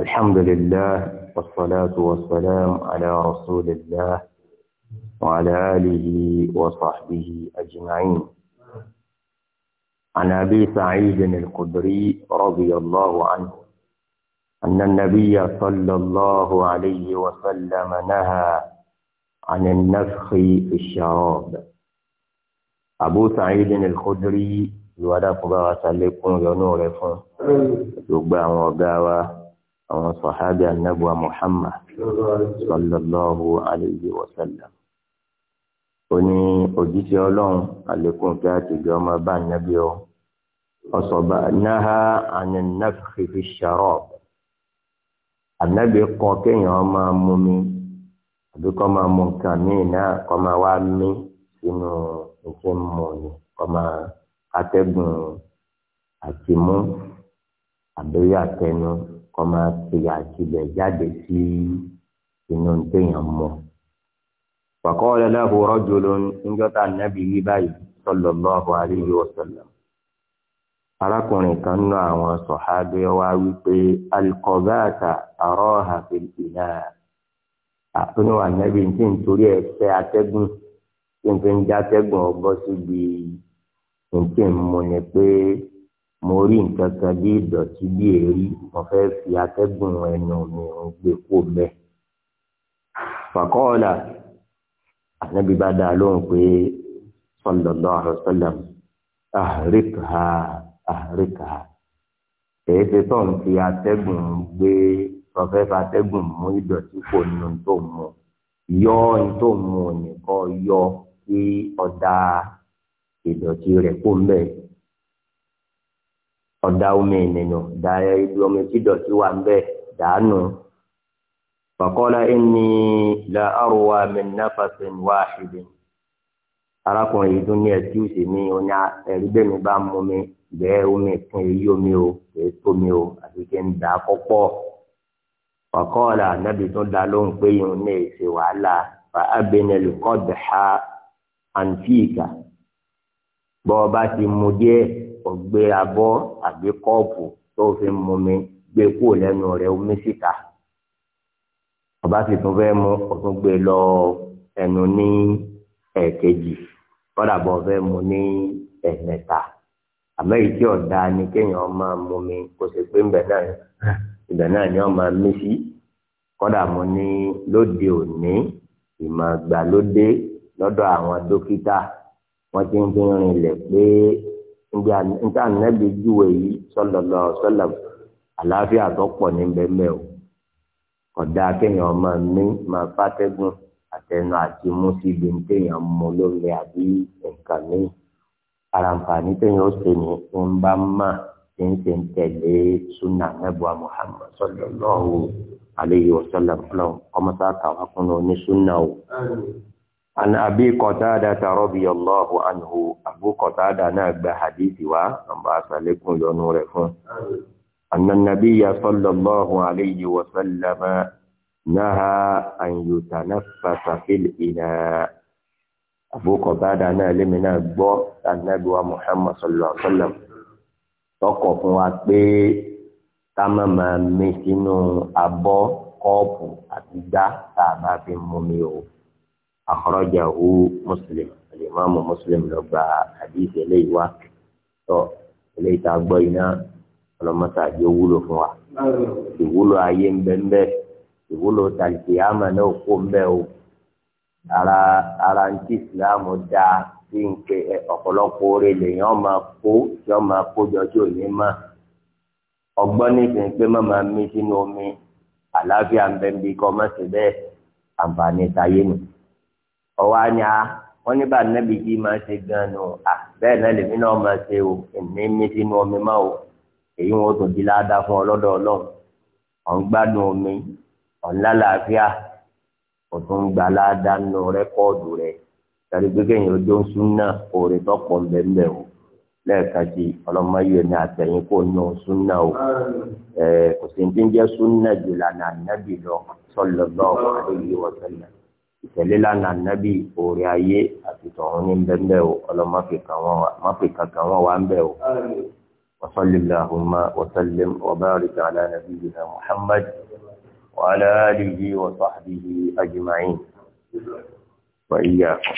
الحمد لله والصلاة والسلام على رسول الله وعلى آله وصحبه أجمعين عن أبي سعيد الخدري رضي الله عنه أن النبي صلى الله عليه وسلم نهى عن النفخ في الشراب أبو سعيد الخدري يوالى قبارة لكم ينور فن يقبع وقاوة àwọn sọ̀hábì anábùwà Muhammad sallallahu alayhi wa sallam. ó ní òjíṣẹ́ ọlọ́run àlékún kí á ti gbé ọmọ bá nábì ọ. ọ̀sọ̀bà náà àní nàfẹ́ fi sharab. ànábì kọ̀ kéèyàn máa mú mi àbí kọ́ máa mú nǹkan míì náà kọ́ máa wá mí sínú nǹkan mú ni kọ́ máa atẹ́gùn àti mú àtẹnu kọ́ máa ṣe àtibẹ̀ jáde sí inú téèyàn mọ̀. Faqala lahu rajulun níjọ́ta nàbí yí báyìí sallallahu alayhi wa sallam. Arákùnrin kan nú àwọn sọ̀hábẹ́ wa wípé alqabata araha fil ina. Àtúnwà nàbí tí ń torí ẹ̀ fẹ́ atẹ́gùn tí ń fi ń dátẹ́gùn ọgbọ́ síbi tí ń mú ni pé mo rí nǹkan kan bí ìdọ̀tí bí èrí mo fẹ́ fi atẹ́gùn ẹnu mi ń gbé kó bẹ́ẹ̀. fàkọ́ọ̀là ànábì bá dáa lóhùn pé sallallahu alaihi wasallam àríkà àríkà èyí ti tó ń fi atẹ́gùn gbé mo fẹ́ fi atẹ́gùn mú ìdọ̀tí kò nu tó mu yọ ohun tó mu nìkan yọ kí ọ̀dà ìdọ̀tí rẹ̀ kó bẹ́ẹ̀ ọ̀dà omi ìnìnà dà ibi omi tí dọ̀tí wà ń bẹ̀ dànù. Fàkọ́lá ẹni la àrùwà mi náfàṣẹ wá àṣìlẹ̀. Arákùnrin yìí tún ní ẹ̀kíùsì mi ò ní ẹ̀rí bẹ́ẹ̀ mi bá mú mi bẹ́ẹ̀ omi kún èyí omi o èyí tó mi o àti kí n dà á kọ́pọ̀. Fàkọ́lá ànábì tún dá lóhùn pé yìí ní èsì wàhálà fà ábẹ́nẹ́lì kọ́ bẹ̀ ha àǹtíìkà. bá ti mu díẹ̀ ọ̀gbẹ́ abọ́ àbí kọ́ọ̀pù tó fi ń mumi gbé kúrò lẹ́nu rẹ̀ omi síta ọba sì tún fẹ́ mú ọtún gbé lọ ẹnu ní ẹ̀ẹ̀kejì kọ́dà bọ́ fẹ́ mu ní ẹ̀ẹ̀mẹ́ta àmọ́ èyí tí ọ̀dà ni kéèyàn máa mumi kó ṣe pé ńbẹ̀ náà ìbẹ̀ náà ni wọ́n máa mí sí kọ́dà mo ní lóde òní ìmọ̀ àgbàlódé lọ́dọ̀ àwọn dókítà wọ́n ti ń fi rinlẹ̀ pé nga nta anabi juwe yìí sọlọlọ sọlọ àlàáfíà tó pọ̀ ní bẹbẹ o kódà kéèyàn máa mí máa fàtẹgùn àtẹnu àti mú síbi téèyàn mú lómi àbí nǹkan mi ara nǹkanì téèyàn ó ṣe ní ń bá má ṣe ń ṣe ń tẹ̀lé sunna anabiwa muhammad sọlọlọ o aleyhi wa sọlọ fúnà ọmọ sáà kàwá kúnlọ ní sunna o. عن أبي قتادة رضي الله عنه أبو قتادة ناقب حديث و أمباس عليكم ينوركم أن النبي صلى الله عليه وسلم نهى أن يتنفس في الإناء أبو قتادة ناقب ناقب النبي محمد صلى الله عليه وسلم تقف واتبه kámá máa mí sínú abọ́ kọ́ọ̀pù àti gbá tá a bá fi mú mi o akhrajahu Muslim al-Imam Muslim ló gba hadith eléyìí wá tó eléyìí tá a gbọ́ iná ọlọ́mọta àjọ wúlò fún wa ìwúlò ayé ń bẹ ń bẹ ìwúlò tàlìkìyàmà náà kó ń bẹ o ara ara ń tí Islam da sí nke ọ̀pọ̀lọpọ̀ oore lèèyàn máa kó tí wọ́n kó jọ tí ò ní mọ̀ ọgbọ́n nísìnyí pé má máa mí àlàáfíà ń bẹ ń bí kọ́ mọ́ sí bẹ́ẹ̀ àǹfààní ọwọ́ ànyà ah, wọ́n ní bá nẹ́bí yìí máa ṣe gan a à ah, bẹ́ẹ̀ náà lèmi náà máa ṣe o èmi mi sínú omi o èyí wọn tó di ládàá fún ọlọ́dọ̀ ọlọ́run ọ̀n gbádùn omi ọ̀n lálàáfíà kò gbà ládàá rẹ́kọ́ọ̀dù rẹ̀ ń sún náà o lẹ́ẹ̀kan sí ọlọ́mọyé ní àtẹ̀yìn kò nù súnà o kò jùlọ àná ìtẹ̀lé lánàá nábì òòrè ayé àti tọ̀hún ní bẹ́ẹ̀ o ọlọ́mọ máfìkà kan wọ́n wá ń bẹ̀ o. وصل اللهم وسلم وبارك على نبينا محمد وعلى آله وصحبه أجمعين وإياكم